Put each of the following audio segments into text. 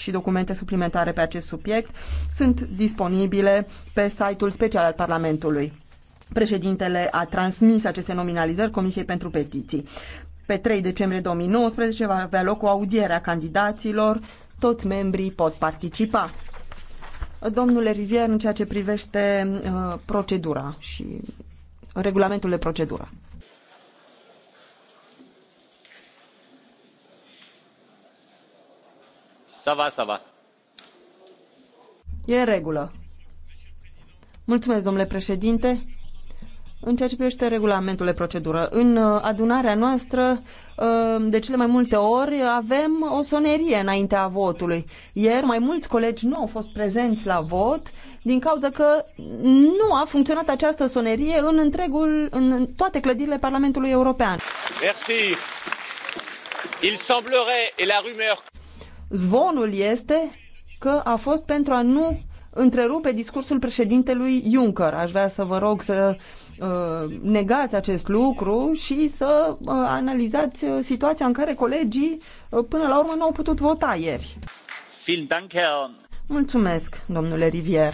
și documente suplimentare pe acest subiect sunt disponibile pe site-ul special al Parlamentului. Președintele a transmis aceste nominalizări Comisiei pentru Petiții. Pe 3 decembrie 2019 va avea loc o audiere a candidaților. Toți membrii pot participa. Domnule Rivier, în ceea ce privește uh, procedura și regulamentul de procedură. Da, e Mulțumesc, domnule președinte. În ceea ce privește regulamentul de procedură, în uh, adunarea noastră, uh, de cele mai multe ori, avem o sonerie înaintea votului. Ieri, mai mulți colegi nu au fost prezenți la vot din cauza că nu a funcționat această sonerie în, întregul, în toate clădirile Parlamentului European. Merci. Il semblerait, et la rumeur Zvonul este că a fost pentru a nu întrerupe discursul președintelui Juncker. Aș vrea să vă rog să uh, negați acest lucru și să uh, analizați uh, situația în care colegii până la urmă nu au putut vota ieri. Mulțumesc, domnule Rivier.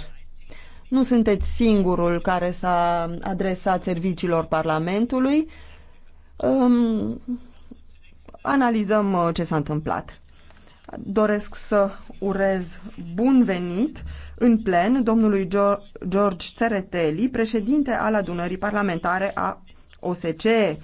Nu sunteți singurul care s-a adresat serviciilor Parlamentului. Um, analizăm ce s-a întâmplat doresc să urez bun venit în plen domnului George Țereteli, președinte al adunării parlamentare a OSCE.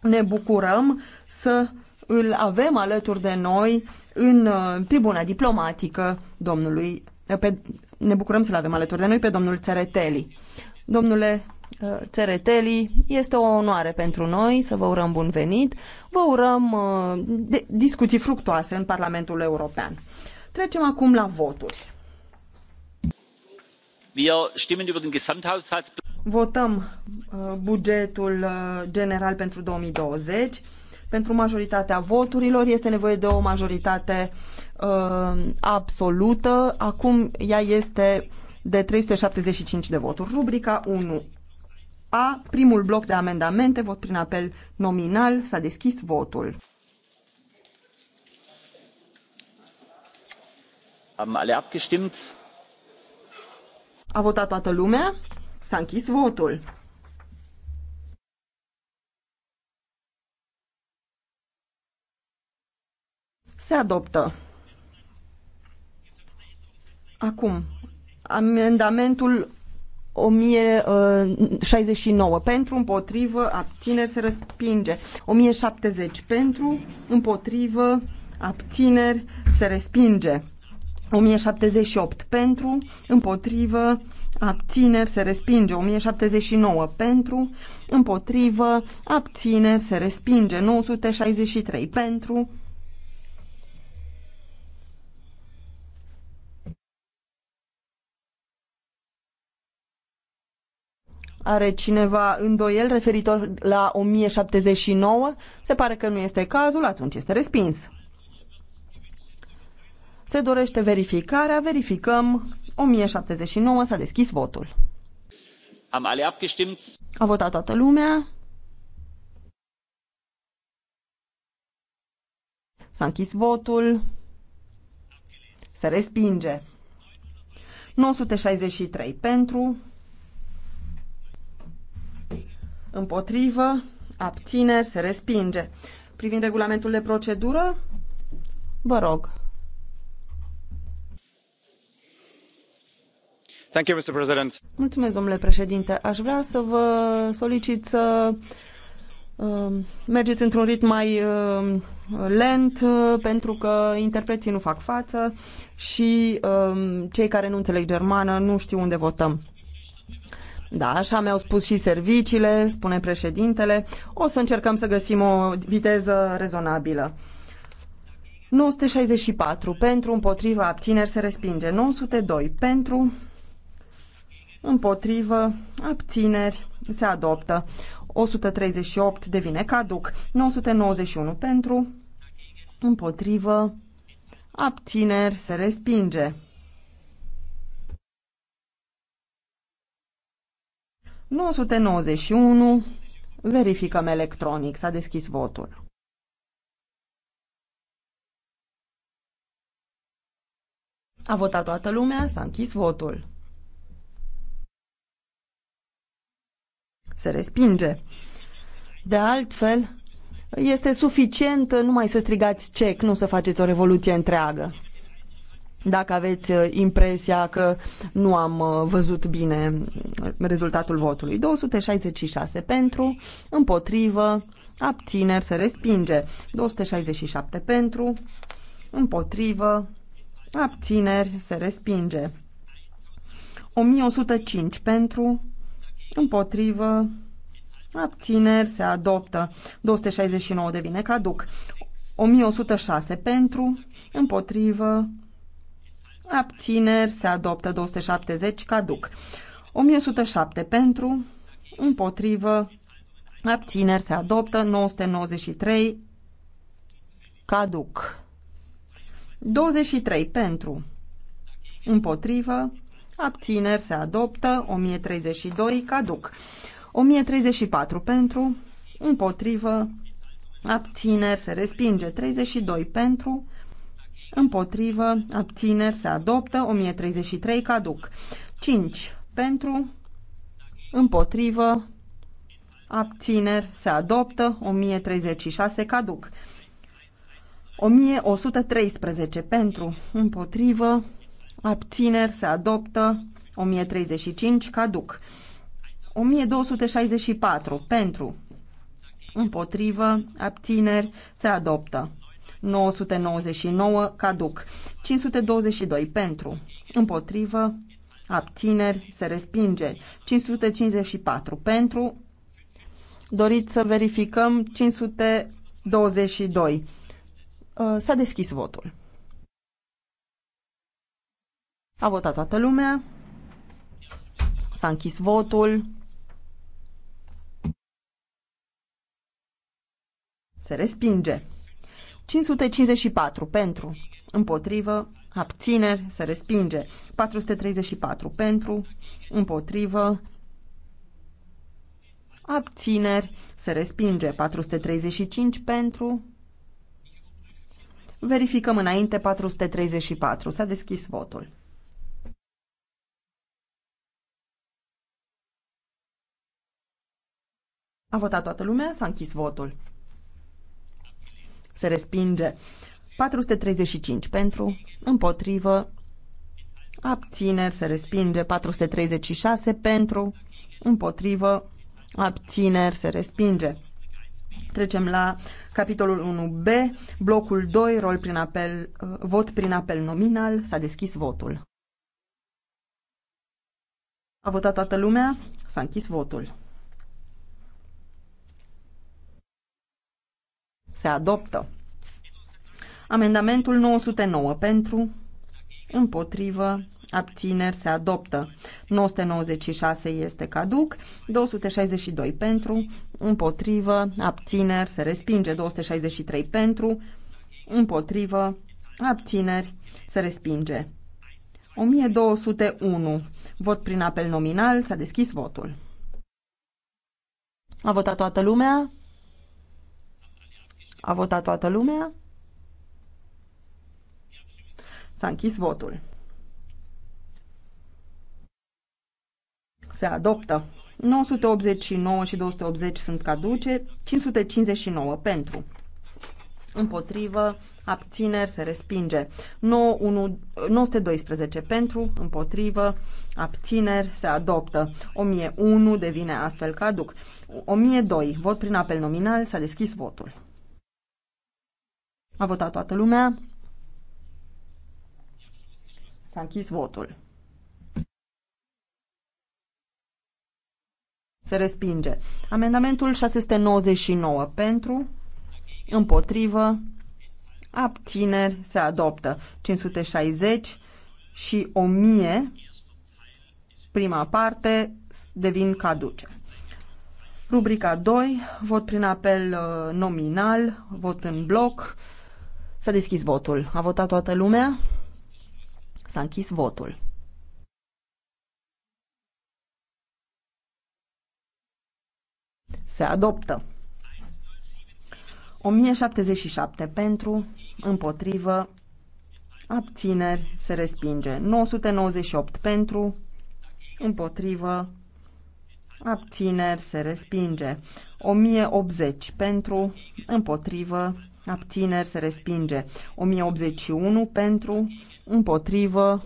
Ne bucurăm să îl avem alături de noi în uh, tribuna diplomatică domnului pe, ne bucurăm să-l avem alături de noi pe domnul Țereteli. Domnule Eh, Țereteli. Este o onoare pentru noi să vă urăm bun venit. Vă urăm uh, discuții fructoase în Parlamentul European. Trecem acum la voturi. Votăm uh, bugetul uh, general pentru 2020. Pentru majoritatea voturilor este nevoie de o majoritate uh, absolută. Acum ea este de 375 de voturi. Rubrica 1 a, primul bloc de amendamente, vot prin apel nominal, s-a deschis votul. Am alle abgestimmt? A votat toată lumea? S-a închis votul. Se adoptă. Acum, amendamentul 1069 uh, pentru, împotrivă, abțineri se respinge. 1070 pentru, împotrivă, abțineri se respinge. 1078 pentru, împotrivă, abțineri se respinge. 1079 pentru, împotrivă, abțineri se respinge. 963 pentru, Are cineva îndoiel referitor la 1079? Se pare că nu este cazul, atunci este respins. Se dorește verificarea, verificăm. 1079 s-a deschis votul. Am alea abgestimt. A votat toată lumea. S-a închis votul. Se respinge. 963 pentru, împotrivă, abțineri, se respinge. Privind regulamentul de procedură, vă rog. Thank you, Mr. President. Mulțumesc, domnule președinte. Aș vrea să vă solicit să um, mergeți într-un ritm mai um, lent uh, pentru că interpreții nu fac față și um, cei care nu înțeleg germană nu știu unde votăm. Da, așa mi-au spus și serviciile, spune președintele. O să încercăm să găsim o viteză rezonabilă. 964 pentru, împotriva, abțineri se respinge. 902 pentru, împotrivă, abțineri se adoptă. 138 devine caduc. 991 pentru, împotrivă, abțineri se respinge. 991. Verificăm electronic. S-a deschis votul. A votat toată lumea, s-a închis votul. Se respinge. De altfel, este suficient numai să strigați cec, nu să faceți o revoluție întreagă dacă aveți uh, impresia că nu am uh, văzut bine uh, rezultatul votului. 266 pentru, împotrivă, abțineri, se respinge. 267 pentru, împotrivă, abțineri, se respinge. 1105 pentru, împotrivă, abțineri, se adoptă. 269 devine caduc. 1106 pentru, împotrivă, abțineri se adoptă 270 caduc. 1107 pentru, împotrivă, abțineri se adoptă 993 caduc. 23 pentru, împotrivă, abțineri se adoptă 1032 caduc. 1034 pentru, împotrivă, abțineri se respinge 32 pentru, împotrivă, abțineri, se adoptă, 1033 caduc. 5 pentru, împotrivă, abțineri, se adoptă, 1036 caduc. 1113 pentru, împotrivă, abțineri, se adoptă, 1035 caduc. 1264 pentru, împotrivă, abțineri, se adoptă. 999 caduc. 522 pentru, împotrivă, abțineri, se respinge. 554 pentru, doriți să verificăm 522. Uh, s-a deschis votul. A votat toată lumea. S-a închis votul. Se respinge. 554 pentru, împotrivă, abțineri, se respinge. 434 pentru, împotrivă, abțineri, se respinge. 435 pentru, verificăm înainte 434, s-a deschis votul. A votat toată lumea, s-a închis votul. Se respinge. 435 pentru, împotrivă, abțineri, se respinge. 436 pentru, împotrivă, abțineri, se respinge. Trecem la capitolul 1b, blocul 2, rol prin apel, uh, vot prin apel nominal, s-a deschis votul. A votat toată lumea, s-a închis votul. Se adoptă. Amendamentul 909 pentru, împotrivă, abțineri se adoptă. 996 este caduc, 262 pentru, împotrivă, abțineri se respinge, 263 pentru, împotrivă, abțineri se respinge. 1201. Vot prin apel nominal, s-a deschis votul. A votat toată lumea? A votat toată lumea? S-a închis votul. Se adoptă. 989 și 280 sunt caduce, 559 pentru. Împotrivă, abțineri, se respinge. 912 pentru, împotrivă, abțineri, se adoptă. 1001 devine astfel caduc. 1002, vot prin apel nominal, s-a deschis votul. A votat toată lumea. S-a închis votul. Se respinge. Amendamentul 699 pentru, împotrivă, abțineri, se adoptă. 560 și 1000, prima parte, devin caduce. Rubrica 2, vot prin apel uh, nominal, vot în bloc, S-a deschis votul. A votat toată lumea? S-a închis votul. Se adoptă. 1077 pentru, împotrivă, abțineri, se respinge. 998 pentru, împotrivă, abțineri, se respinge. 1080 pentru, împotrivă, abțineri se respinge. 1081 pentru, împotrivă,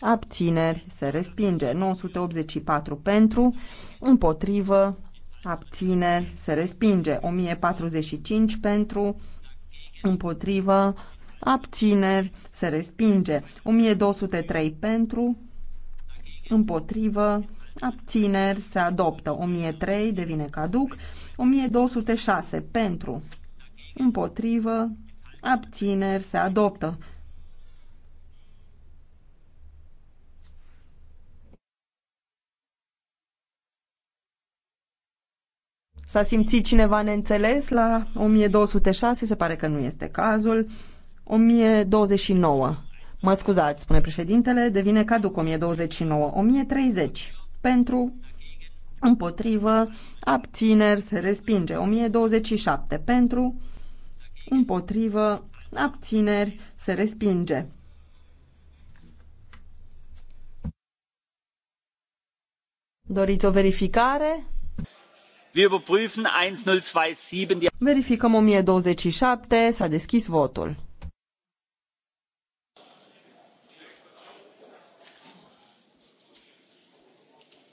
abțineri se respinge. 984 pentru, împotrivă, abțineri se respinge. 1045 pentru, împotrivă, abțineri se respinge. 1203 pentru, împotrivă, abțineri se adoptă. 1003 devine caduc. 1206 pentru, împotrivă, abțineri, se adoptă. S-a simțit cineva neînțeles la 1206? Se pare că nu este cazul. 1029. Mă scuzați, spune președintele, devine caduc 1029. 1030. Pentru, împotrivă, abțineri, se respinge. 1027. Pentru, împotrivă, abțineri, se respinge. Doriți o verificare? Verificăm 1027, s-a deschis votul.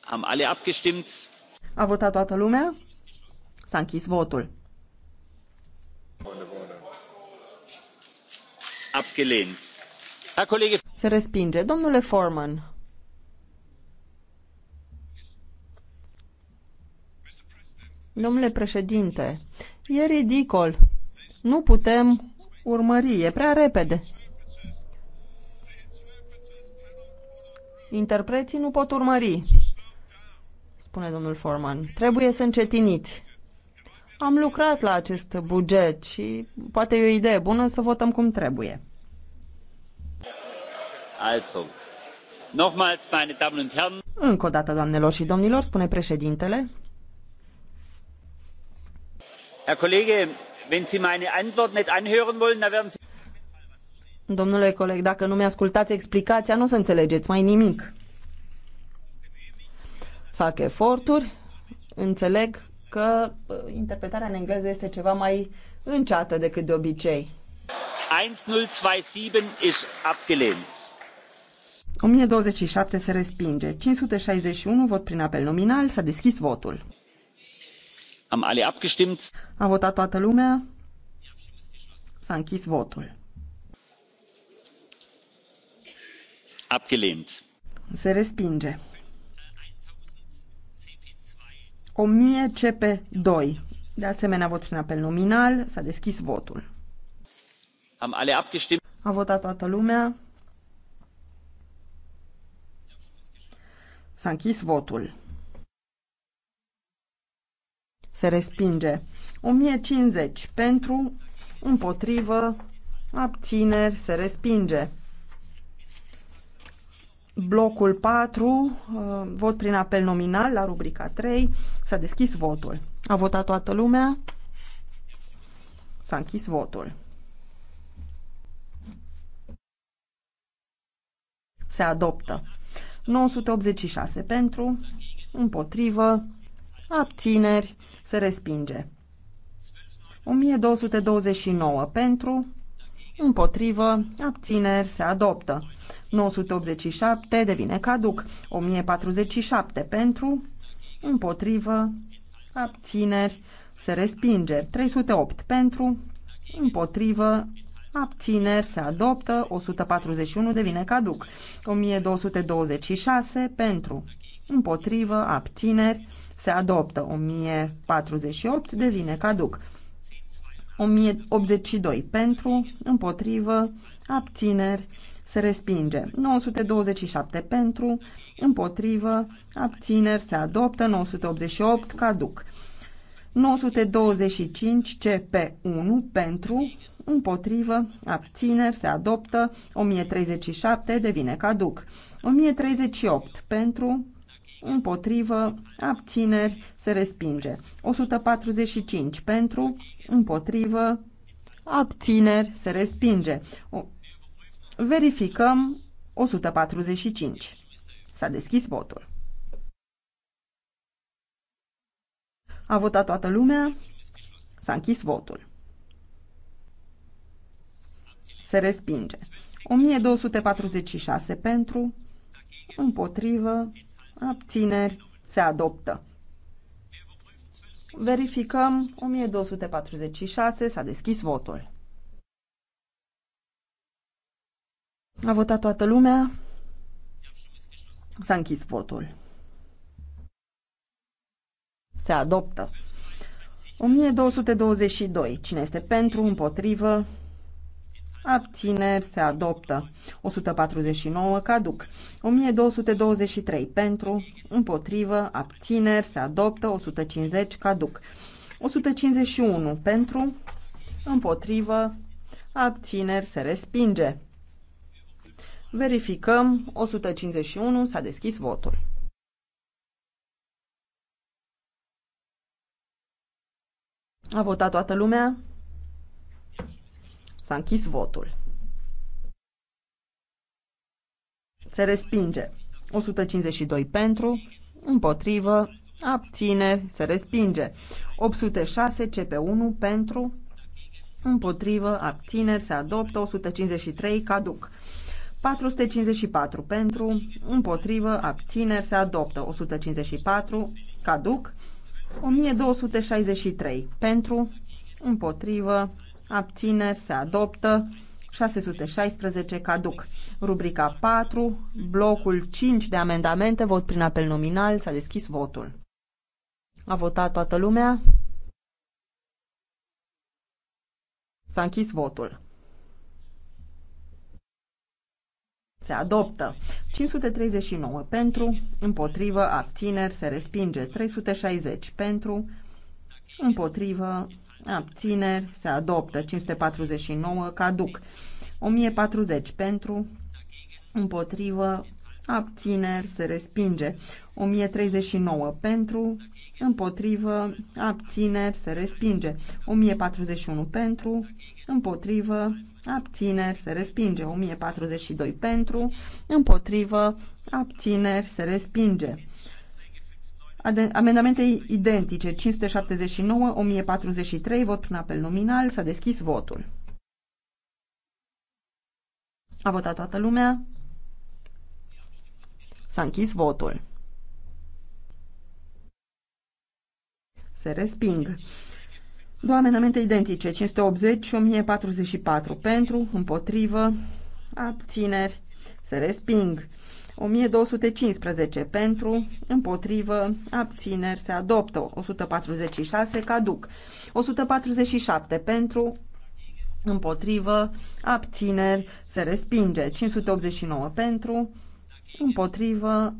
Am alle abgestimmt? A votat toată lumea? S-a închis votul. abgelehnt. Se respinge. Domnule Domnule președinte, e ridicol. Nu putem urmări, e prea repede. Interpreții nu pot urmări, spune domnul Forman. Trebuie să încetiniți. Am lucrat la acest buget și poate e o idee bună să votăm cum trebuie. Also, nochmals, meine Damen und Herren. Încă o dată, doamnelor și domnilor, spune președintele. Herr Kollege, wenn Sie meine Antwort nicht anhören wollen, dann werden Sie Domnule coleg, dacă nu mi-ascultați explicația, nu o să înțelegeți mai nimic. Fac eforturi, înțeleg că uh, interpretarea în engleză este ceva mai înceată decât de obicei. 1027 se respinge. 561 vot prin apel nominal. S-a deschis votul. Am alle abgestimmt. A votat toată lumea. S-a închis votul. Abgelehnt. Se respinge. 1000 CP2. De asemenea, vot prin apel nominal. S-a deschis votul. Am ale abgestimmt. A votat toată lumea. S-a închis votul. Se respinge. 1050 pentru, împotrivă, abțineri, se respinge. Blocul 4, uh, vot prin apel nominal la rubrica 3, s-a deschis votul. A votat toată lumea? S-a închis votul. Se adoptă. 986 pentru, împotrivă, abțineri, se respinge. 1229 pentru, împotrivă, abțineri, se adoptă. 987 devine caduc, 1047 pentru, împotrivă, abțineri, se respinge, 308 pentru, împotrivă, abțineri, se adoptă, 141 devine caduc, 1226 pentru, împotrivă, abțineri, se adoptă, 1048 devine caduc. 1082 pentru, împotrivă, abțineri, se respinge. 927 pentru, împotrivă, abțineri, se adoptă. 988 caduc. 925 CP1 pentru, împotrivă, abțineri, se adoptă, 1037 devine caduc, 1038 pentru, împotrivă, abțineri, se respinge. 145 pentru, împotrivă, abțineri, se respinge. O... Verificăm 145. S-a deschis votul. A votat toată lumea, s-a închis votul. Se respinge. 1246 pentru, împotrivă, abțineri, se adoptă. Verificăm 1246, s-a deschis votul. A votat toată lumea. S-a închis votul. Se adoptă. 1222. Cine este pentru, împotrivă, abțineri, se adoptă. 149 caduc. 1223 pentru, împotrivă, abțineri, se adoptă. 150 caduc. 151 pentru, împotrivă, abțineri, se respinge. Verificăm, 151 s-a deschis votul. A votat toată lumea? S-a închis votul. Se respinge. 152 pentru, împotrivă, abține, se respinge. 806 CP1 pentru, împotrivă, abțineri, se adoptă. 153 caduc. 454 pentru, împotrivă, abțineri, se adoptă. 154 caduc. 1263 pentru, împotrivă, abțineri, se adoptă. 616 caduc. Rubrica 4, blocul 5 de amendamente, vot prin apel nominal, s-a deschis votul. A votat toată lumea? S-a închis votul. Se adoptă. 539 pentru, împotrivă, abțineri, se respinge. 360 pentru, împotrivă, abțineri, se adoptă. 549 caduc. 1040 pentru, împotrivă, abțineri, se respinge. 1039 pentru, împotrivă, abțineri, se respinge. 1041 pentru, împotrivă, abțineri, se respinge. 1042 pentru, împotrivă, abțineri, se respinge. Amendamente identice 579, 1043, vot prin apel nominal, s-a deschis votul. A votat toată lumea. S-a închis votul. Se resping. Două amendamente identice, 580 și 1044, pentru, împotrivă, abțineri, se resping. 1215 pentru, împotrivă, abțineri se adoptă, 146 caduc, 147 pentru, împotrivă, abțineri se respinge, 589 pentru, împotrivă,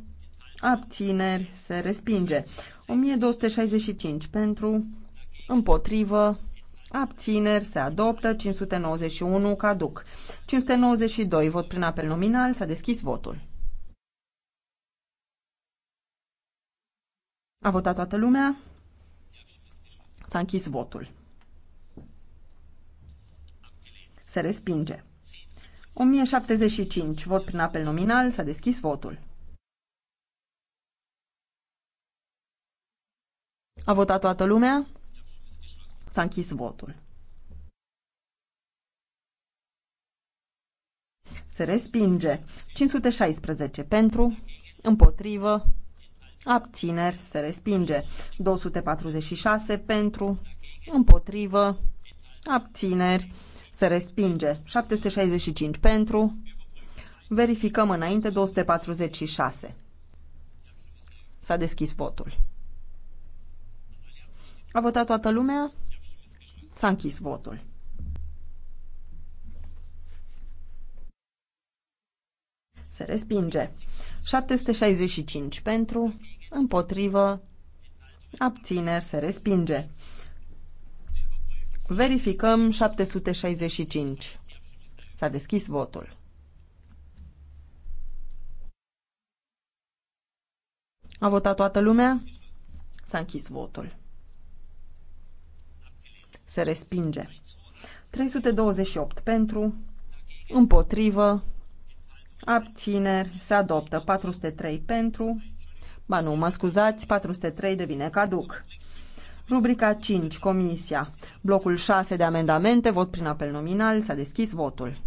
abțineri se respinge, 1265 pentru, împotrivă, Abțineri se adoptă 591 caduc. 592 vot prin apel nominal s-a deschis votul. A votat toată lumea. S-a închis votul. Se respinge. 1075. Vot prin apel nominal. S-a deschis votul. A votat toată lumea. S-a închis votul. Se respinge. 516 pentru, împotrivă, abțineri, se respinge. 246 pentru, împotrivă, abțineri, se respinge. 765 pentru, verificăm înainte, 246. S-a deschis votul. A votat toată lumea? S-a închis votul. Se respinge. 765 pentru, împotrivă, abțineri, se respinge. Verificăm 765. S-a deschis votul. A votat toată lumea? S-a închis votul. Se respinge. 328 pentru, împotrivă, abțineri, se adoptă 403 pentru, ba nu, mă scuzați, 403 devine caduc. Rubrica 5, Comisia. Blocul 6 de amendamente, vot prin apel nominal, s-a deschis votul.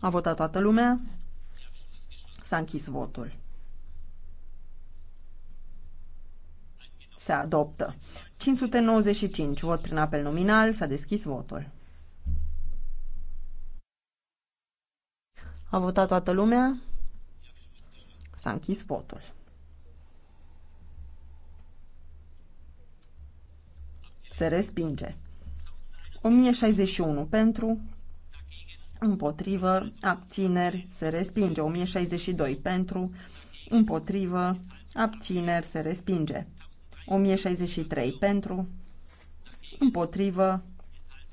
A votat toată lumea? S-a închis votul. Se adoptă. 595, vot prin apel nominal, s-a deschis votul. A votat toată lumea? S-a închis votul. Se respinge. 1061 pentru, împotrivă, abțineri, se respinge. 1062 pentru, împotrivă, abțineri, se respinge. 1063 pentru, împotrivă,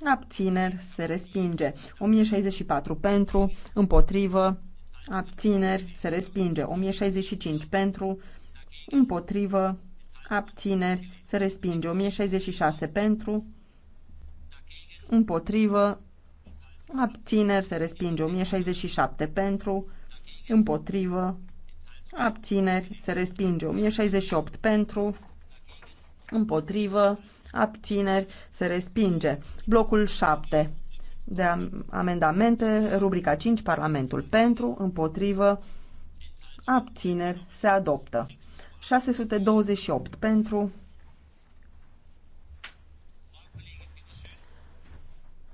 abțineri, se respinge. 1064 pentru, împotrivă, abțineri, se respinge. 1065 pentru, împotrivă, abțineri, se respinge. 1066 pentru, împotrivă, abțineri, se respinge. 1067 pentru, împotrivă, abțineri, se respinge. 1068 pentru, împotrivă, abțineri, se respinge. Blocul 7 de amendamente, rubrica 5, Parlamentul pentru, împotrivă, abțineri, se adoptă. 628 pentru,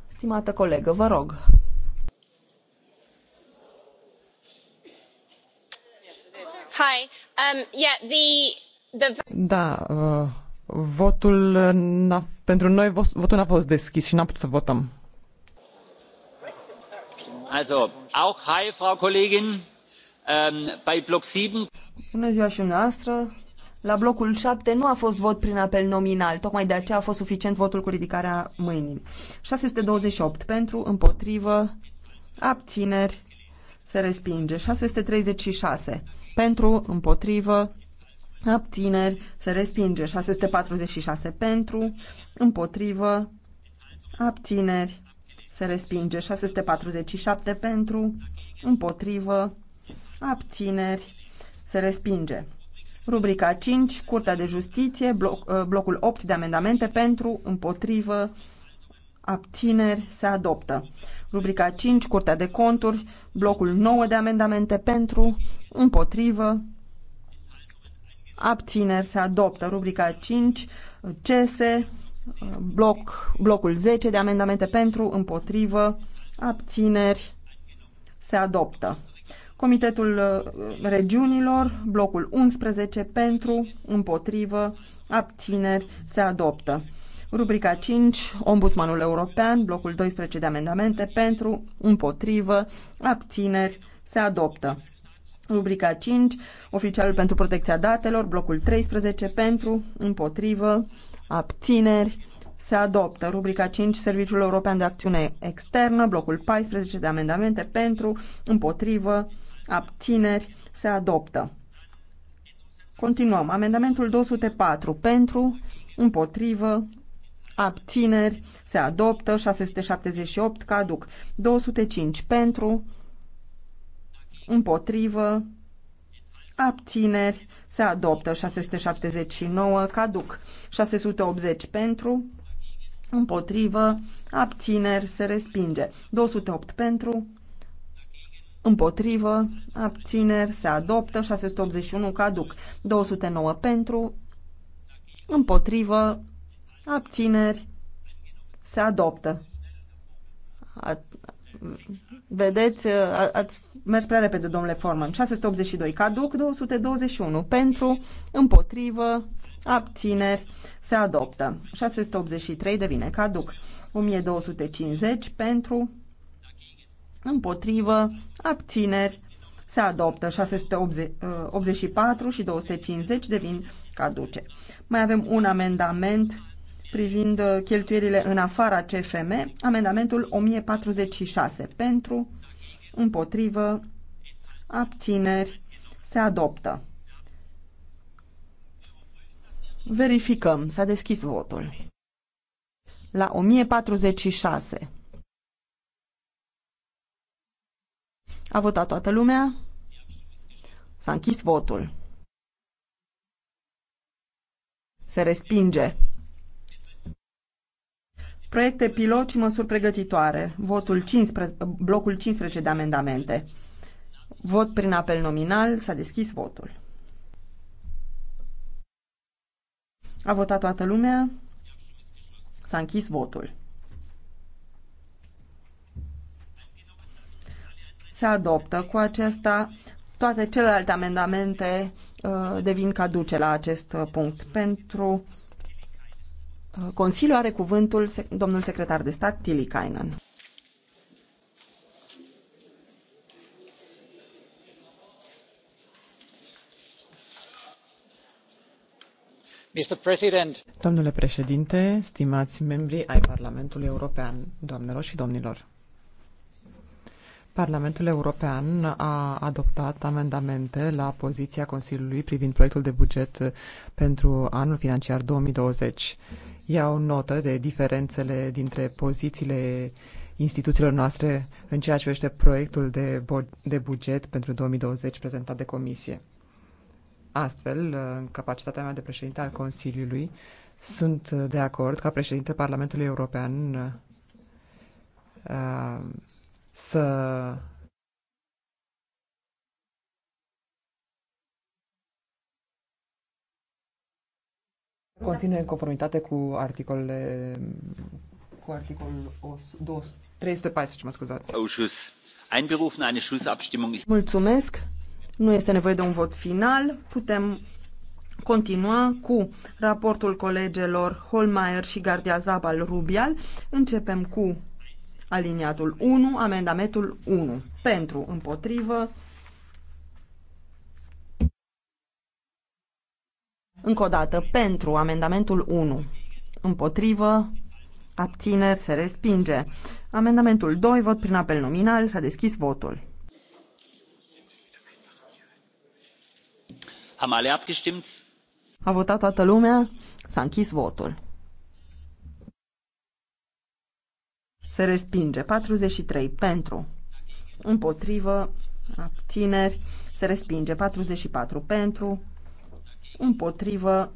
Stimată colegă, vă rog. Hi. Um, yeah, the, the... Da, uh, votul pentru noi votul n-a fost deschis și n-am putut să votăm. Also, auch hi, Frau Kollegin. Ähm, bei Block 7. Bună ziua și noastră. La blocul 7 nu a fost vot prin apel nominal, tocmai de aceea a fost suficient votul cu ridicarea mâinii. 628 pentru, împotrivă, abțineri, se respinge. 636 pentru, împotrivă, abțineri, se respinge 646 pentru, împotrivă, abțineri, se respinge 647 pentru, împotrivă, abțineri, se respinge. Rubrica 5, Curtea de Justiție, bloc, uh, blocul 8 de amendamente pentru, împotrivă, abțineri, se adoptă. Rubrica 5, Curtea de Conturi, blocul 9 de amendamente pentru, împotrivă, abțineri se adoptă. Rubrica 5, cese, bloc, blocul 10 de amendamente pentru, împotrivă, abțineri se adoptă. Comitetul uh, regiunilor, blocul 11 pentru, împotrivă, abțineri se adoptă. Rubrica 5, Ombudsmanul European, blocul 12 de amendamente pentru, împotrivă, abțineri se adoptă. Rubrica 5, oficialul pentru protecția datelor, blocul 13 pentru, împotrivă, abțineri, se adoptă. Rubrica 5, Serviciul European de Acțiune Externă, blocul 14 de amendamente pentru, împotrivă, abțineri, se adoptă. Continuăm. Amendamentul 204 pentru, împotrivă, abțineri, se adoptă. 678 caduc. 205 pentru, împotrivă, abțineri, se adoptă 679, caduc 680 pentru, împotrivă, abțineri, se respinge 208 pentru, împotrivă, abțineri, se adoptă 681, caduc 209 pentru, împotrivă, abțineri, se adoptă. A Vedeți, uh, ați mers prea repede, domnule Forman. 682 caduc, 221 pentru, împotrivă, abțineri, se adoptă. 683 devine caduc. 1250 pentru, împotrivă, abțineri, se adoptă 684 uh, și 250 devin caduce. Mai avem un amendament privind uh, cheltuierile în afara CFM, amendamentul 1046 pentru, împotrivă, abțineri, se adoptă. Verificăm, s-a deschis votul. La 1046. A votat toată lumea? S-a închis votul. Se respinge proiecte pilot și măsuri pregătitoare, votul 15, blocul 15 de amendamente. Vot prin apel nominal, s-a deschis votul. A votat toată lumea, s-a închis votul. Se adoptă cu acesta toate celelalte amendamente uh, devin caduce la acest uh, punct. Pentru Consiliu are cuvântul domnul secretar de stat Tilikainen. Domnule președinte, stimați membri ai Parlamentului European, doamnelor și domnilor. Parlamentul European a adoptat amendamente la poziția Consiliului privind proiectul de buget pentru anul financiar 2020 iau notă de diferențele dintre pozițiile instituțiilor noastre în ceea ce privește proiectul de, de buget pentru 2020 prezentat de Comisie. Astfel, uh, în capacitatea mea de președinte al Consiliului, sunt uh, de acord ca președinte Parlamentului European uh, să Continuă în conformitate cu articolele cu articolul 314, mă scuzați. Ausschuss. Oh, Einberufen eine Schlussabstimmung. Mulțumesc. Nu este nevoie de un vot final. Putem continua cu raportul colegelor Holmeier și Gardia Zabal Rubial. Începem cu aliniatul 1, amendamentul 1. Pentru, împotrivă, Încă o dată, pentru amendamentul 1. Împotrivă, abțineri, se respinge. Amendamentul 2, vot prin apel nominal, s-a deschis votul. Am alea abgestimmt? A votat toată lumea, s-a închis votul. Se respinge 43 pentru, împotrivă, abțineri, se respinge 44 pentru, împotrivă,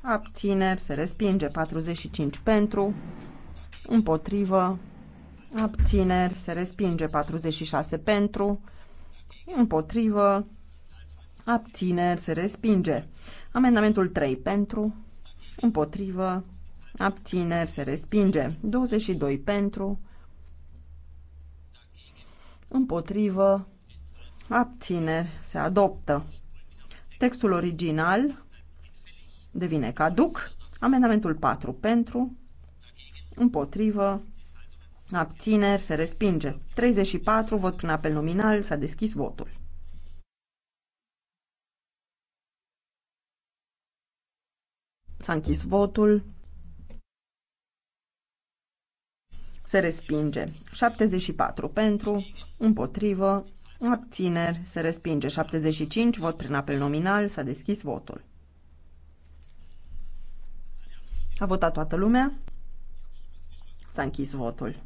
abțineri, se respinge 45 pentru, împotrivă, abțineri, se respinge 46 pentru, împotrivă, abțineri, se respinge. Amendamentul 3 pentru, împotrivă, abțineri, se respinge. 22 pentru, împotrivă, abțineri, se adoptă. Textul original devine caduc. Amendamentul 4 pentru, împotrivă, abțineri, se respinge. 34, vot prin apel nominal, s-a deschis votul. S-a închis votul. Se respinge. 74 pentru, împotrivă, Abțineri se respinge. 75, vot prin apel nominal, s-a deschis votul. A votat toată lumea? S-a închis votul.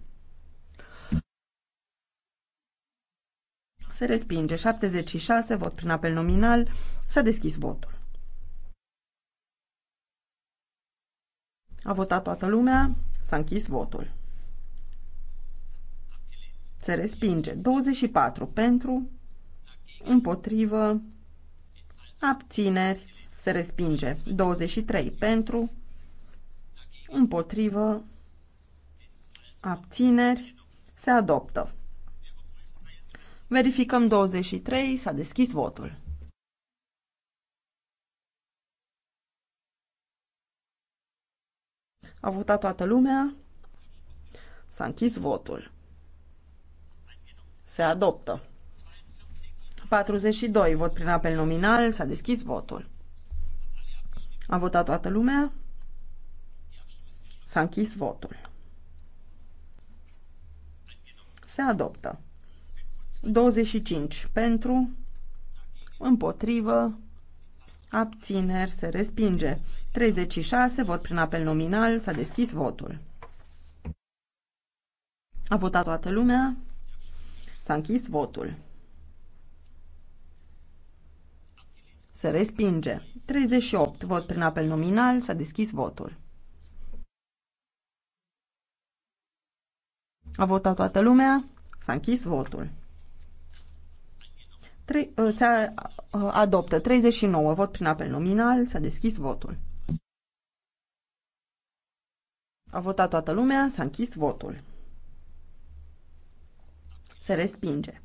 Se respinge. 76, vot prin apel nominal, s-a deschis votul. A votat toată lumea? S-a închis votul. Se respinge. 24 pentru, împotrivă, abțineri, se respinge. 23 pentru, împotrivă, abțineri, se adoptă. Verificăm 23, s-a deschis votul. A votat toată lumea, s-a închis votul. Se adoptă. 42. Vot prin apel nominal. S-a deschis votul. A votat toată lumea. S-a închis votul. Se adoptă. 25 pentru, împotrivă, abțineri, se respinge. 36, vot prin apel nominal, s-a deschis votul. A votat toată lumea, S-a închis votul. Se respinge. 38. Vot prin apel nominal. S-a deschis votul. A votat toată lumea. S-a închis votul. Uh, se uh, adoptă 39 vot prin apel nominal. S-a deschis votul. A votat toată lumea. S-a închis votul. Se respinge.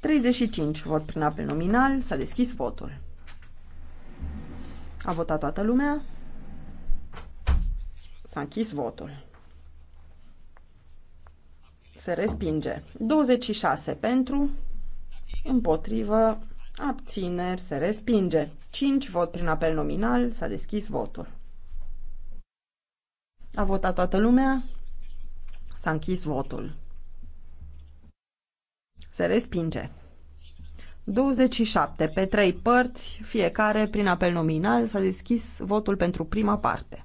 35. Vot prin apel nominal. S-a deschis votul. A votat toată lumea. S-a închis votul. Se respinge. 26 pentru, împotrivă, abțineri, se respinge. 5 vot prin apel nominal, s-a deschis votul. A votat toată lumea, s-a închis votul. Se respinge. 27. Pe trei părți, fiecare prin apel nominal, s-a deschis votul pentru prima parte.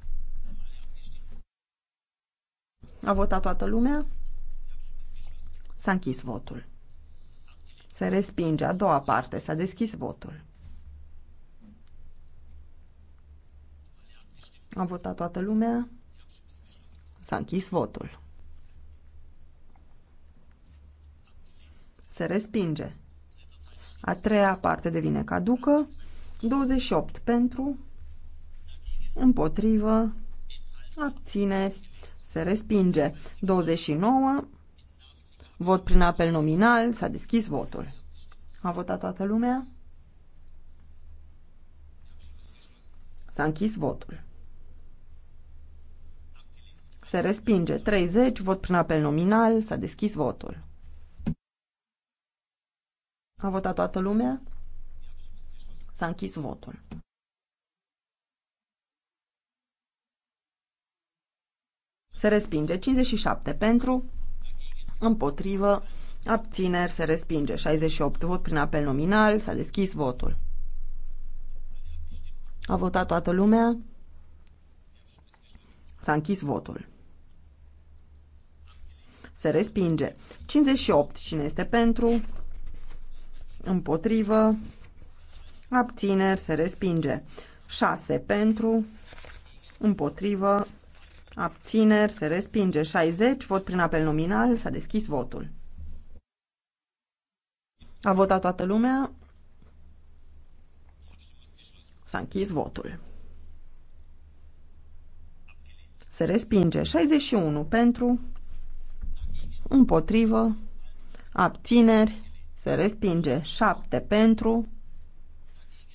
A votat toată lumea? S-a închis votul. Se respinge a doua parte, s-a deschis votul. A votat toată lumea? S-a închis votul. se respinge. A treia parte devine caducă. 28 pentru, împotrivă, abțineri, se respinge. 29, vot prin apel nominal, s-a deschis votul. A votat toată lumea? S-a închis votul. Se respinge. 30, vot prin apel nominal, s-a deschis votul. A votat toată lumea? S-a închis votul. Se respinge 57 pentru, împotrivă, abțineri, se respinge 68 vot prin apel nominal, s-a deschis votul. A votat toată lumea? S-a închis votul. Se respinge 58 cine este pentru, împotrivă, abțineri, se respinge. 6 pentru, împotrivă, abțineri, se respinge. 60, vot prin apel nominal, s-a deschis votul. A votat toată lumea, s-a închis votul. Se respinge 61 pentru, împotrivă, abțineri, se respinge 7 pentru,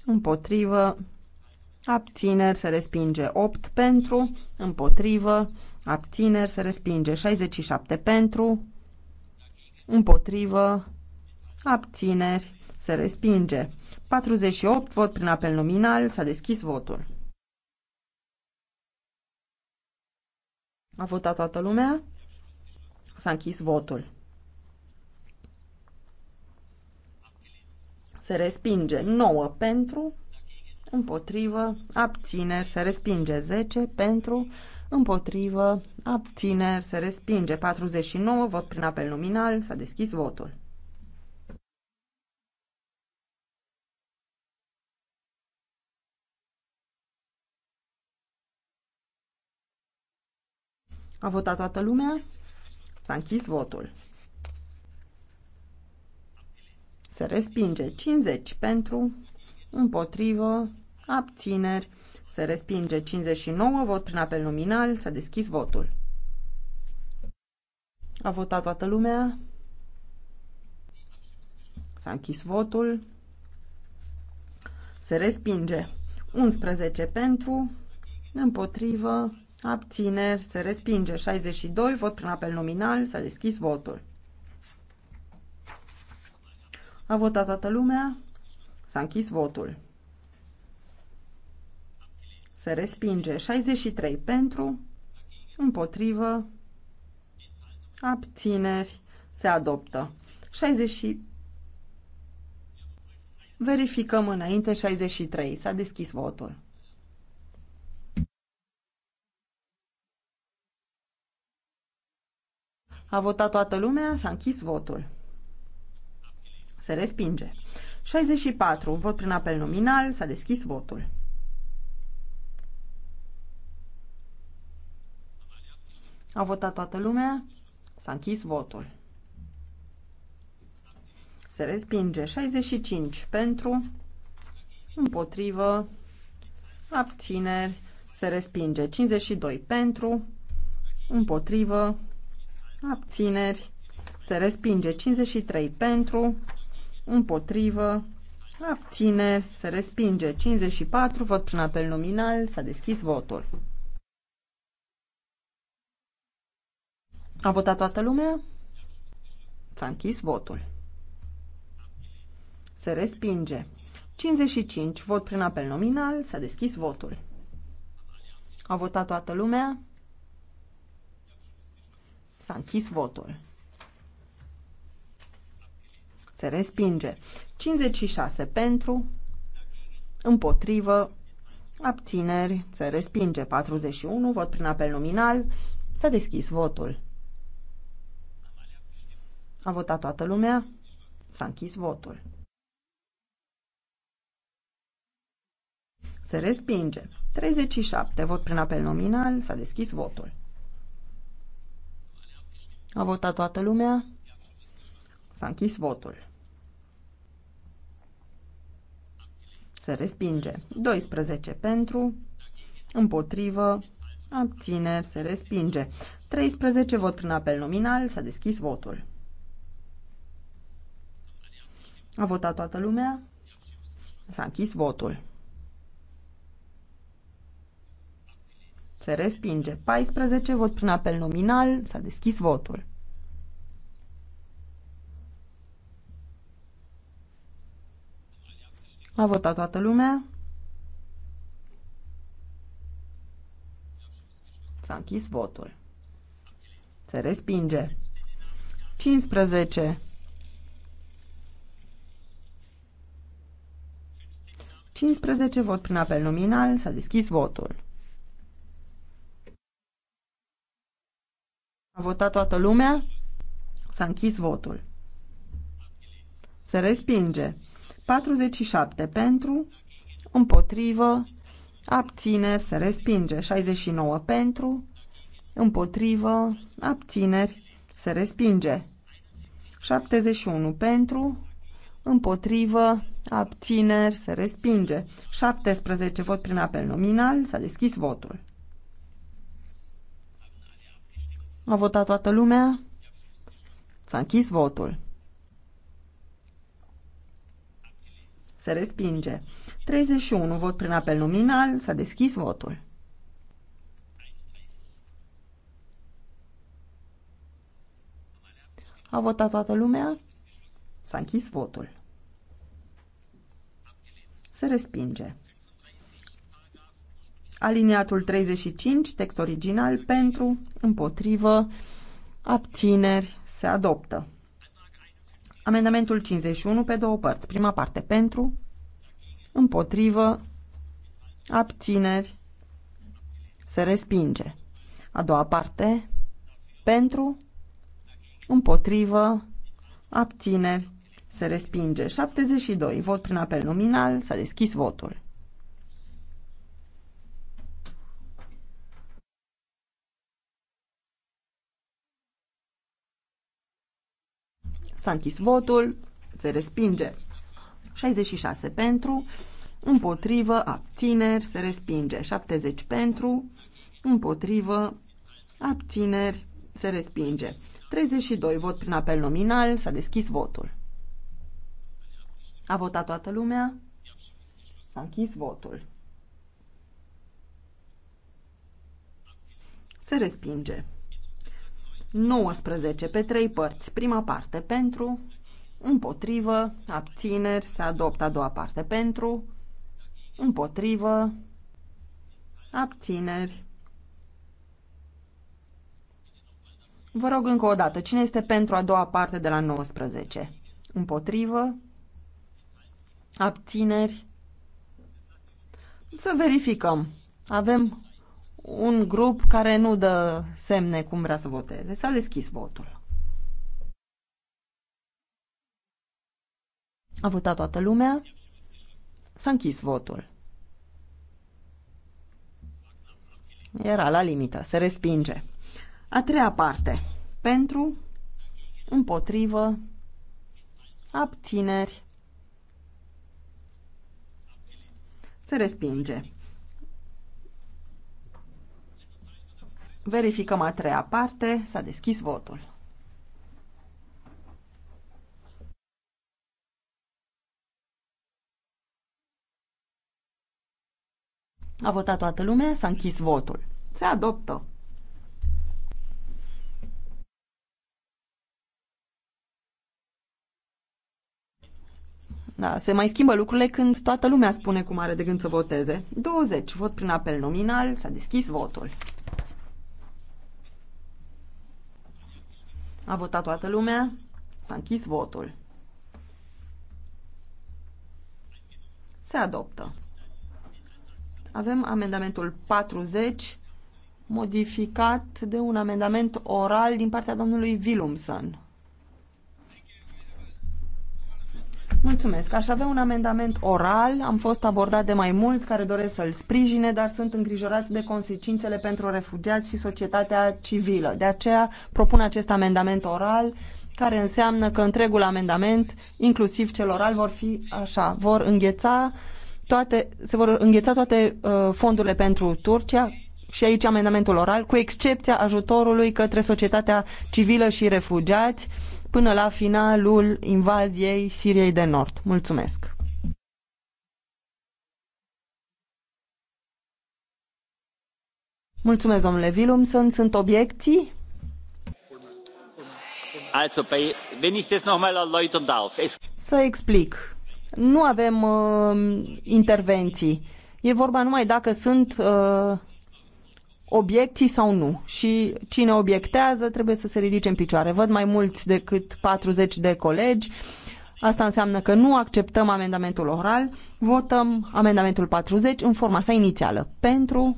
împotrivă, abțineri, se respinge 8 pentru, împotrivă, abțineri, se respinge 67 pentru, împotrivă, abțineri, se respinge 48, vot prin apel nominal, s-a deschis votul. A votat toată lumea? S-a închis votul. se respinge 9 pentru, împotrivă, abțineri, se respinge 10 pentru, împotrivă, abțineri, se respinge 49, vot prin apel nominal, s-a deschis votul. A votat toată lumea? S-a închis votul. se respinge. 50 pentru, împotrivă, abțineri, se respinge. 59, vot prin apel nominal, s-a deschis votul. A votat toată lumea. S-a închis votul. Se respinge. 11 pentru, împotrivă, abțineri, se respinge. 62, vot prin apel nominal, s-a deschis votul. A votat toată lumea. S-a închis votul. Se respinge 63 pentru, împotrivă, abțineri, se adoptă. 60... Verificăm înainte 63. S-a deschis votul. A votat toată lumea, s-a închis votul. Se respinge. 64. Vot prin apel nominal. S-a deschis votul. A votat toată lumea. S-a închis votul. Se respinge 65 pentru, împotrivă, abțineri, se respinge 52 pentru, împotrivă, abțineri, se respinge 53 pentru, împotrivă, abțineri, se respinge. 54, vot prin apel nominal, s-a deschis votul. A votat toată lumea? S-a închis votul. Se respinge. 55, vot prin apel nominal, s-a deschis votul. A votat toată lumea? S-a închis votul. Se respinge. 56 pentru, împotrivă, abțineri, se respinge. 41, vot prin apel nominal, s-a deschis votul. A votat toată lumea, s-a închis votul. Se respinge. 37, vot prin apel nominal, s-a deschis votul. A votat toată lumea, s-a închis votul. se respinge. 12 pentru, împotrivă, abțineri, se respinge. 13 vot prin apel nominal, s-a deschis votul. A votat toată lumea? S-a închis votul. Se respinge. 14 vot prin apel nominal, s-a deschis votul. A votat toată lumea. S-a închis votul. Se respinge. 15. 15 vot prin apel nominal. S-a deschis votul. A votat toată lumea. S-a închis votul. Se respinge. 47 pentru, împotrivă, abțineri, se respinge. 69 pentru, împotrivă, abțineri, se respinge. 71 pentru, împotrivă, abțineri, se respinge. 17 vot prin apel nominal, s-a deschis votul. A votat toată lumea? S-a închis votul. Se respinge. 31. Vot prin apel nominal. S-a deschis votul. A votat toată lumea? S-a închis votul. Se respinge. Aliniatul 35, text original, pentru, împotrivă, abțineri, se adoptă. Amendamentul 51 pe două părți. Prima parte pentru, împotrivă, abțineri, se respinge. A doua parte pentru, împotrivă, abțineri, se respinge. 72. Vot prin apel nominal. S-a deschis votul. S-a închis votul, se respinge. 66 pentru, împotrivă, abțineri, se respinge. 70 pentru, împotrivă, abțineri, se respinge. 32 vot prin apel nominal, s-a deschis votul. A votat toată lumea? S-a închis votul. Se respinge. 19 pe trei părți. Prima parte pentru, împotrivă, abțineri, se adoptă a doua parte pentru, împotrivă, abțineri. Vă rog încă o dată, cine este pentru a doua parte de la 19? Împotrivă, abțineri. Să verificăm. Avem un grup care nu dă semne cum vrea să voteze. S-a deschis votul. A votat toată lumea. S-a închis votul. Era la limită, se respinge. A treia parte. Pentru, împotrivă, abțineri. Se respinge. Verificăm a treia parte. S-a deschis votul. A votat toată lumea, s-a închis votul. Se adoptă. Da, se mai schimbă lucrurile când toată lumea spune cum are de gând să voteze. 20. Vot prin apel nominal. S-a deschis votul. A votat toată lumea. S-a închis votul. Se adoptă. Avem amendamentul 40, modificat de un amendament oral din partea domnului Willumsen. Mulțumesc. Aș avea un amendament oral. Am fost abordat de mai mulți care doresc să-l sprijine, dar sunt îngrijorați de consecințele pentru refugiați și societatea civilă. De aceea propun acest amendament oral care înseamnă că întregul amendament, inclusiv cel oral, vor fi așa, vor îngheța toate, se vor îngheța toate uh, fondurile pentru Turcia, și aici amendamentul oral, cu excepția ajutorului către societatea civilă și refugiați, până la finalul invaziei Siriei de Nord. Mulțumesc! Mulțumesc, domnule Willumson. Sunt obiecții? Also, bei, wenn ich das noch mal erläutern darf. Es... Să explic. Nu avem uh, intervenții. E vorba numai dacă sunt uh, obiecții sau nu. Și cine obiectează trebuie să se ridice în picioare. Văd mai mulți decât 40 de colegi. Asta înseamnă că nu acceptăm amendamentul oral, votăm amendamentul 40 în forma sa inițială. Pentru,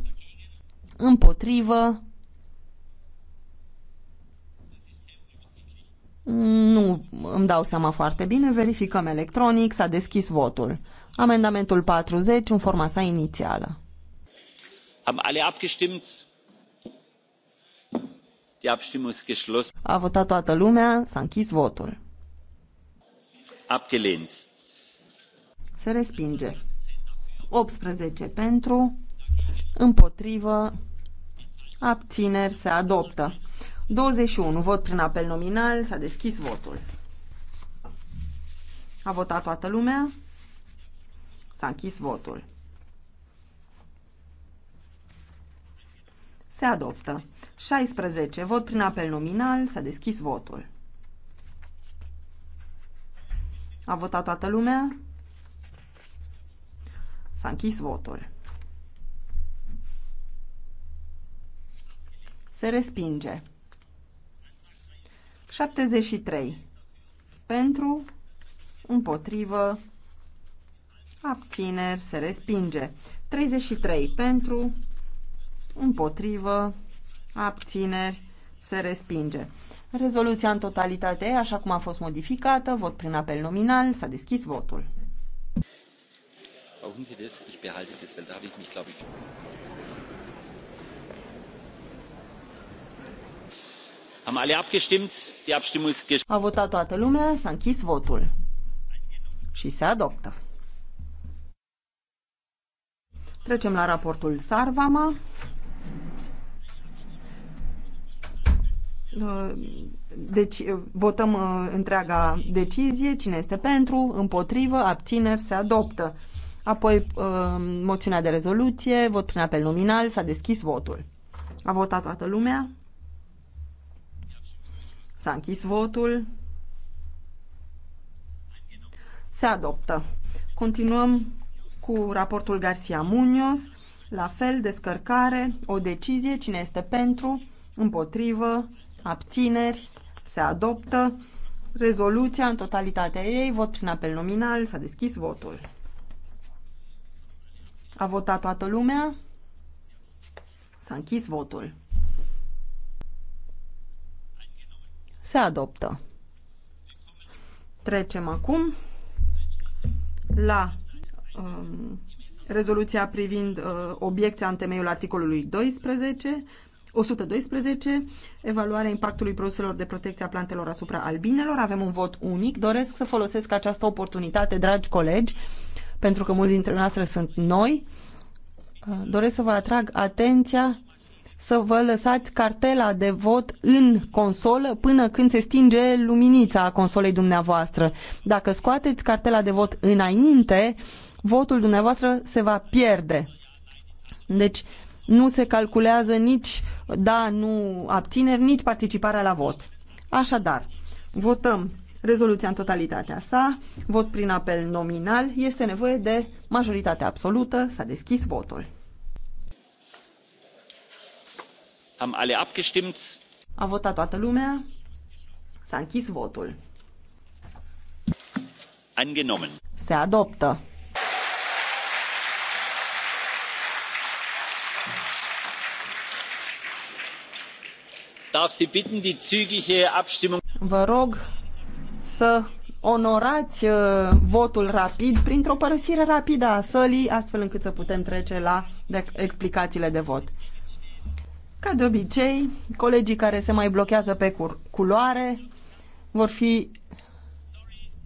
împotrivă, nu îmi dau seama foarte bine, verificăm electronic, s-a deschis votul. Amendamentul 40 în forma sa inițială haben alle abgestimmt? Die Abstimmung ist geschlossen. A votat toată lumea, s-a închis votul. Abgelehnt. Se respinge. 18 pentru, împotrivă, abțineri, se adoptă. 21, vot prin apel nominal, s-a deschis votul. A votat toată lumea, s-a închis votul. Se adoptă. 16. Vot prin apel nominal. S-a deschis votul. A votat toată lumea? S-a închis votul. Se respinge. 73. Pentru, împotrivă, abțineri, se respinge. 33. Pentru, împotrivă, abțineri, se respinge. Rezoluția în totalitate, așa cum a fost modificată, vot prin apel nominal, s-a deschis votul. Am da A votat toată lumea, s-a închis votul. Și se adoptă. Trecem la raportul Sarvama. Uh, deci uh, votăm uh, întreaga decizie, cine este pentru, împotrivă, abțineri, se adoptă. Apoi moțiunea de rezoluție, vot prin apel nominal, s-a deschis votul. A votat toată lumea? S-a închis votul. Se adoptă. Continuăm cu raportul Garcia Munoz. La fel, descărcare, o decizie, cine este pentru, împotrivă, abțineri, se adoptă rezoluția în totalitatea ei, vot prin apel nominal, s-a deschis votul. A votat toată lumea, s-a închis votul. Se adoptă. Trecem acum la um, rezoluția privind uh, obiecția în temeiul articolului 12, 112, evaluarea impactului produselor de protecție a plantelor asupra albinelor. Avem un vot unic. Doresc să folosesc această oportunitate, dragi colegi, pentru că mulți dintre noastre sunt noi. Doresc să vă atrag atenția să vă lăsați cartela de vot în consolă până când se stinge luminița a consolei dumneavoastră. Dacă scoateți cartela de vot înainte, votul dumneavoastră se va pierde. Deci, nu se calculează nici da, nu, abțineri, nici participarea la vot. Așadar, votăm rezoluția în totalitatea sa, vot prin apel nominal, este nevoie de majoritate absolută, s-a deschis votul. Am alle abgestimmt. A votat toată lumea, s-a închis votul. Angenommen. Se adoptă. Vă rog să onorați uh, votul rapid printr-o părăsire rapidă a sălii, astfel încât să putem trece la explicațiile de vot. Ca de obicei, colegii care se mai blochează pe culoare vor fi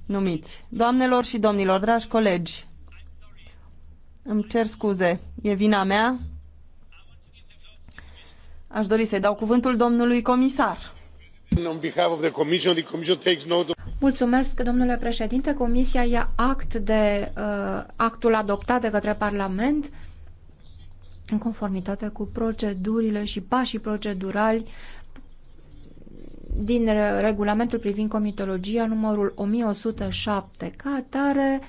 numiți. Doamnelor și domnilor, dragi colegi, îmi cer scuze, e vina mea, Aș dori să-i dau cuvântul domnului comisar. Mulțumesc, domnule președinte. Comisia ia act de uh, actul adoptat de către Parlament în conformitate cu procedurile și pașii procedurali din regulamentul privind comitologia numărul 1107. Ca atare,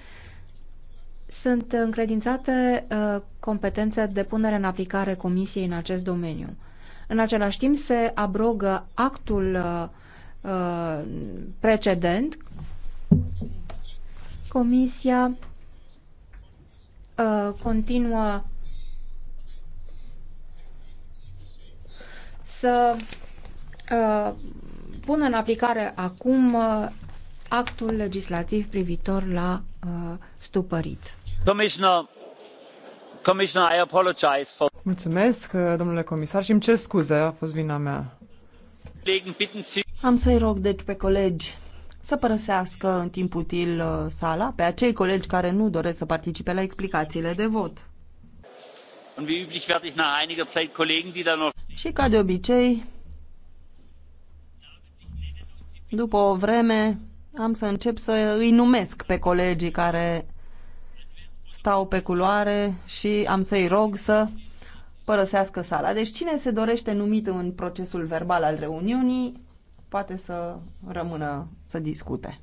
sunt încredințate uh, competențe de punere în aplicare Comisiei în acest domeniu. În același timp se abrogă actul uh, precedent. Comisia uh, continuă să uh, pună în aplicare acum uh, actul legislativ privitor la uh, stupărit. Domnul domnule comisar, și îmi cer scuze, a fost vina mea. Am să-i rog, deci, pe colegi să părăsească în timp util uh, sala, pe acei colegi care nu doresc să participe la explicațiile de vot. Da și ca de obicei, după o vreme, am să încep să îi numesc pe colegii care stau pe culoare și am să-i rog să părăsească sala. Deci cine se dorește numit în procesul verbal al reuniunii poate să rămână să discute.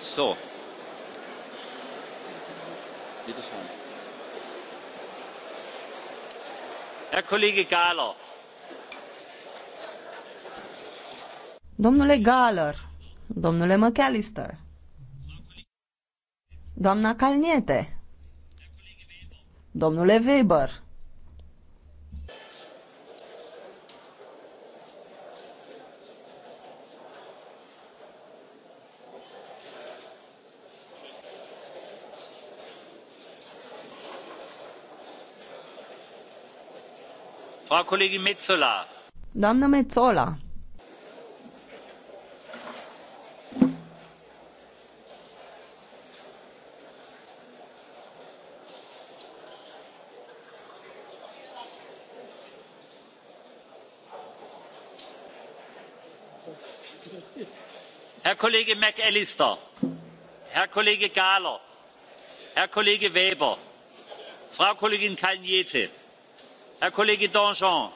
So, Domnule Galer, domnule McAllister, doamna Calniete, domnule Weber, Doamnă metsola herr kollege mcallister herr kollege gahler herr kollege weber frau kollegin kalniete herr kollege danjean!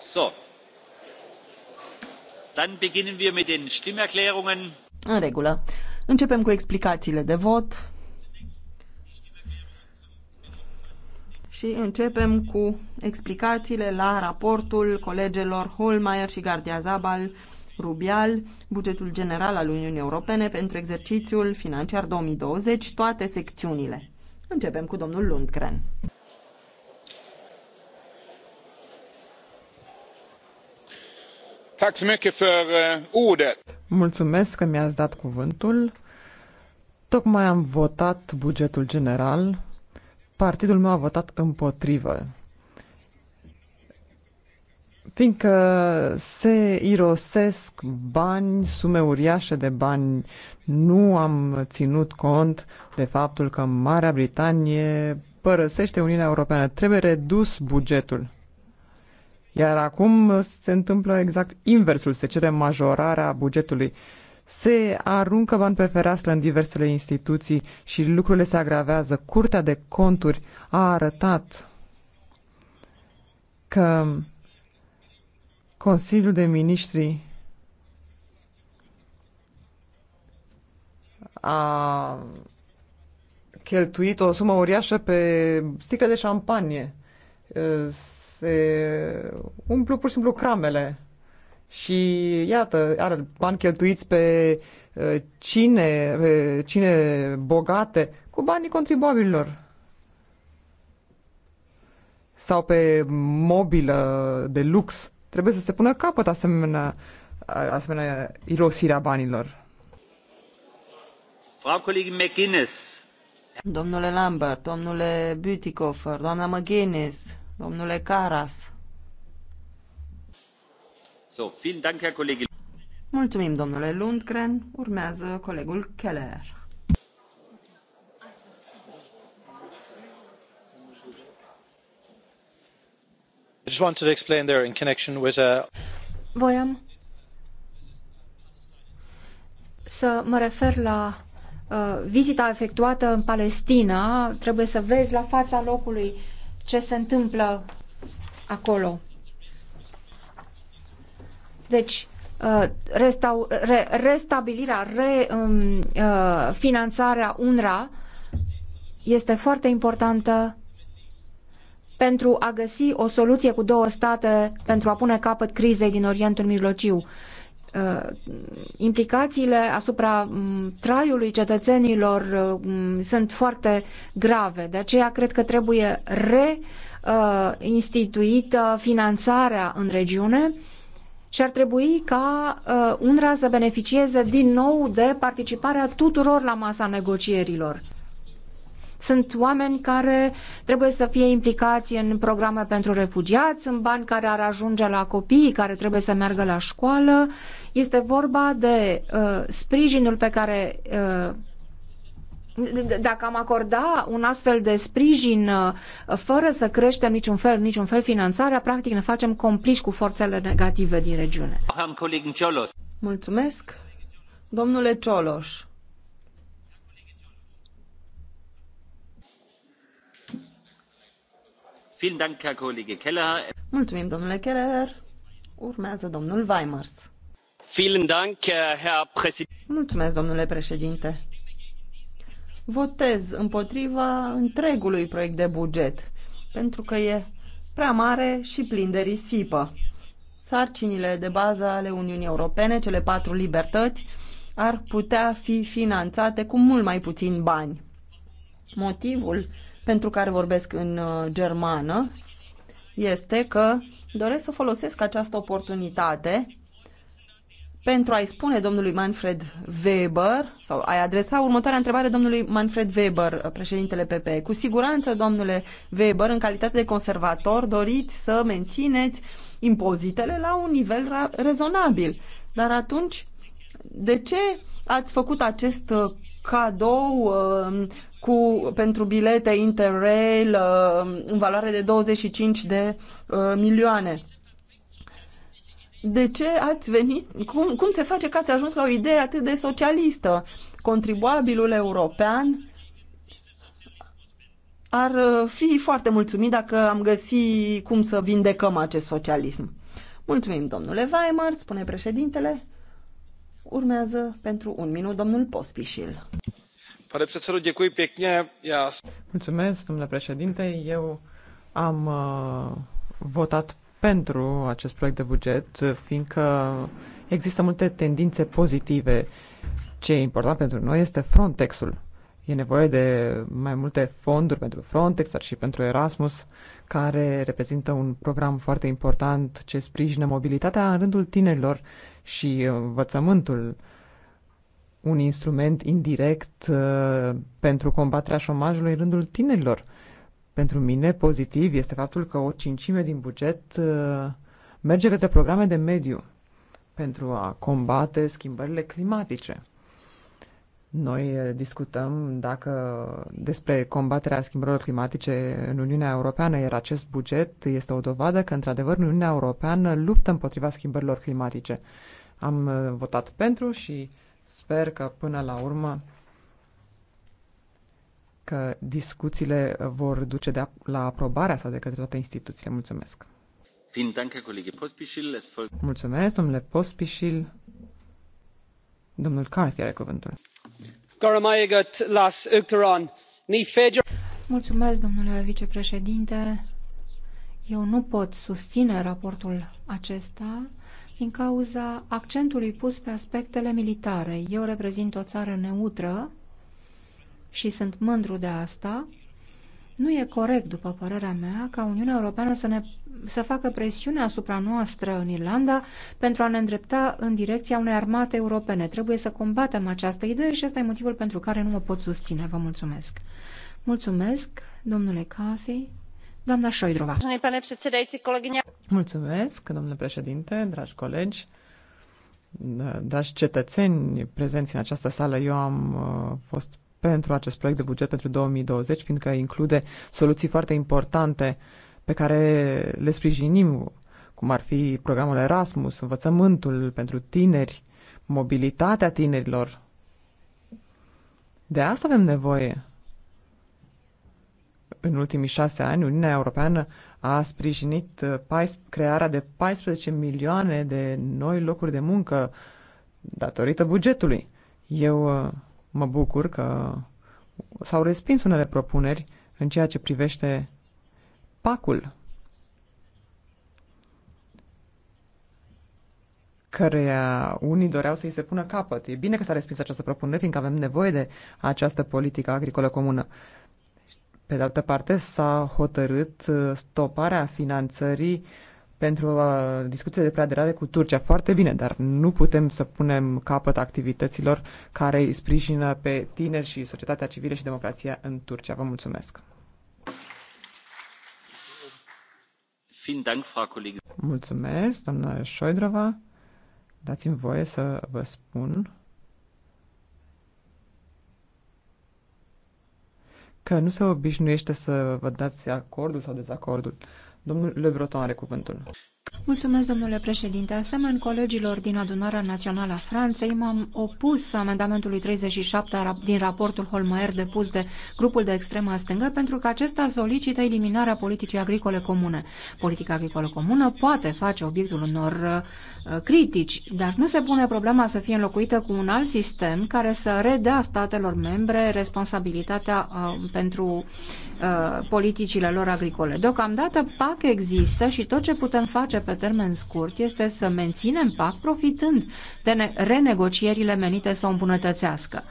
So. Dann beginnen wir mit den Stimmerklärungen. În regulă. Începem cu explicațiile de vot. și începem cu explicațiile la raportul colegelor Holmeier și Gardia Zabal Rubial, bugetul general al Uniunii Europene pentru exercițiul financiar 2020, toate secțiunile. Începem cu domnul Lundgren. Eh, Mulțumesc că mi-ați dat cuvântul. Tocmai am votat bugetul general partidul meu a votat împotrivă. Fiindcă se irosesc bani, sume uriașe de bani, nu am ținut cont de faptul că Marea Britanie părăsește Uniunea Europeană. Trebuie redus bugetul. Iar acum se întâmplă exact inversul, se cere majorarea bugetului. Uh, se aruncă bani pe fereastră în diversele instituții și lucrurile se agravează. Curtea de conturi a arătat că Consiliul de Ministri a cheltuit o sumă uriașă pe sticle de șampanie. Se umplu pur și simplu cramele și iată, are bani cheltuiți pe uh, cine, pe cine bogate cu banii contribuabililor sau pe mobilă de lux. Trebuie să se pună capăt asemenea, asemenea irosirea banilor. Frau McGuinness. Domnule Lambert, domnule Bütikofer, doamna McGuinness, domnule Caras. Mulțumim, domnule Lundgren. Urmează colegul Keller. Uh, Voiam să mă refer la uh, vizita efectuată în Palestina. Trebuie să vezi la fața locului ce se întâmplă acolo. Deci, uh, restau, re, restabilirea, refinanțarea um, uh, UNRWA este foarte importantă pentru a găsi o soluție cu două state pentru a pune capăt crizei din Orientul Mijlociu. Uh, implicațiile asupra um, traiului cetățenilor uh, um, sunt foarte grave, de aceea cred că trebuie reinstituită finanțarea în regiune și ar trebui ca uh, UNRWA să beneficieze din nou de participarea tuturor la masa negocierilor. Sunt oameni care trebuie să fie implicați în programe pentru refugiați, sunt bani care ar ajunge la copii care trebuie să meargă la școală. Este vorba de uh, sprijinul pe care uh, dacă am acorda un astfel de sprijin uh, fără să creștem niciun fel, niciun fel finanțarea, practic ne facem compliși cu forțele negative din regiune. Mulțumesc. Domnule Cioloș. Mulțumim, domnule Keller. Urmează domnul Weimers. Mulțumesc, domnule președinte votez împotriva întregului proiect de buget, pentru că e prea mare și plin de risipă. Sarcinile de bază ale Uniunii Europene, cele patru libertăți, ar putea fi finanțate cu mult mai puțin bani. Motivul pentru care vorbesc în uh, germană este că doresc să folosesc această oportunitate pentru a-i spune domnului Manfred Weber, sau a-i adresa următoarea întrebare domnului Manfred Weber, președintele PP. Cu siguranță, domnule Weber, în calitate de conservator, doriți să mențineți impozitele la un nivel rezonabil. Dar atunci, de ce ați făcut acest uh, cadou uh, cu, pentru bilete Interrail uh, în valoare de 25 de uh, milioane? de ce ați venit, cum, cum se face că ați ajuns la o idee atât de socialistă? Contribuabilul european ar uh, fi foarte mulțumit dacă am găsi cum să vindecăm acest socialism. Mulțumim, domnule Weimar, spune președintele. Urmează pentru un minut domnul Pospișil. Mulțumesc, domnule președinte. Eu am uh, votat pentru acest proiect de buget, fiindcă există multe tendințe pozitive. Ce e important pentru noi este Frontexul. E nevoie de mai multe fonduri pentru Frontex, dar și pentru Erasmus, care reprezintă un program foarte important ce sprijină mobilitatea în rândul tinerilor și învățământul un instrument indirect uh, pentru combaterea șomajului în rândul tinerilor. Pentru mine, pozitiv este faptul că o cincime din buget uh, merge către programe de mediu pentru a combate schimbările climatice. Noi uh, discutăm dacă despre combaterea schimbărilor climatice în Uniunea Europeană, iar acest buget este o dovadă că, într-adevăr, în Uniunea Europeană luptă împotriva schimbărilor climatice. Am uh, votat pentru și sper că, până la urmă, că discuțiile vor duce de la aprobarea sa de către toate instituțiile. Mulțumesc! Mulțumesc, domnule Pospișil. Domnul Carthy are cuvântul. Mulțumesc, domnule vicepreședinte. Eu nu pot susține raportul acesta din cauza accentului pus pe aspectele militare. Eu reprezint o țară neutră și sunt mândru de asta, nu e corect, după părerea mea, ca Uniunea Europeană să, ne, să facă presiune asupra noastră în Irlanda pentru a ne îndrepta în direcția unei armate europene. Trebuie să combatem această idee și ăsta e motivul pentru care nu mă pot susține. Vă mulțumesc. Mulțumesc, domnule Cathy. Doamna Șoidrova. Mulțumesc, domnule președinte, dragi colegi, dragi cetățeni prezenți în această sală. Eu am uh, fost pentru acest proiect de buget pentru 2020, fiindcă include soluții foarte importante pe care le sprijinim, cum ar fi programul Erasmus, învățământul pentru tineri, mobilitatea tinerilor. De asta avem nevoie. În ultimii șase ani, Uniunea Europeană a sprijinit uh, crearea de 14 milioane de noi locuri de muncă datorită bugetului. Eu uh, Mă bucur că s-au respins unele propuneri în ceea ce privește pacul care unii doreau să-i se pună capăt. E bine că s-a respins această propunere, fiindcă avem nevoie de această politică agricolă comună. Pe de altă parte, s-a hotărât stoparea finanțării uh, pentru uh, discuțiile de preaderare cu Turcia. Foarte bine, dar nu putem să punem capăt activităților care îi sprijină pe tineri și societatea civilă și democrația în Turcia. Vă mulțumesc! Mulțumesc, doamna Șoidrova. Dați-mi voie să vă spun că nu se obișnuiește să vă dați acordul sau dezacordul Domnul Le Breton are cuvântul. Mulțumesc, domnule președinte. Asemenea, colegilor din Adunarea Națională a Franței, m-am opus amendamentului 37 din raportul Holmeier depus de grupul de extremă stângă pentru că acesta solicită eliminarea politicii agricole comune. Politica agricolă comună poate face obiectul unor uh, critici, dar nu se pune problema să fie înlocuită cu un alt sistem care să redea statelor membre responsabilitatea uh, pentru uh, politicile lor agricole. Deocamdată PAC există și tot ce putem face face pe termen scurt este să menținem PAC profitând de renegocierile menite să o îmbunătățească.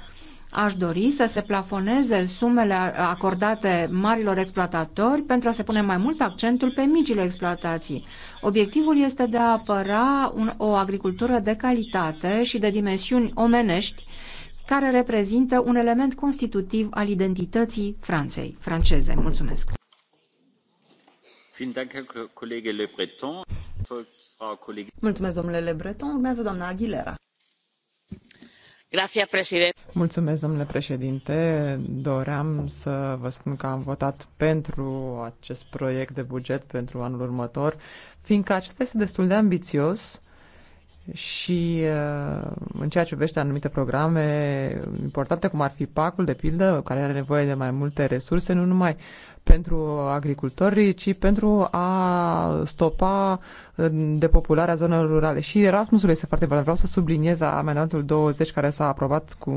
Aș dori să se plafoneze sumele acordate marilor exploatatori pentru a se pune mai mult accentul pe micile exploatații. Obiectivul este de a apăra un, o agricultură de calitate și de dimensiuni omenești care reprezintă un element constitutiv al identității Franței, franceze. Mulțumesc! Mulțumesc, domnule Le Breton. Aguilera. Mulțumesc, domnule președinte. Doream să vă spun că am votat pentru acest proiect de buget pentru anul următor, fiindcă acesta este destul de ambițios și uh, în ceea ce privește anumite programe importante, cum ar fi PAC-ul, de pildă, care are nevoie de mai multe resurse, nu numai pentru agricultori, ci pentru a stopa uh, depopularea zonelor rurale. Și Erasmusul este foarte valoros. Vreau să subliniez amendamentul 20 care s-a aprobat cu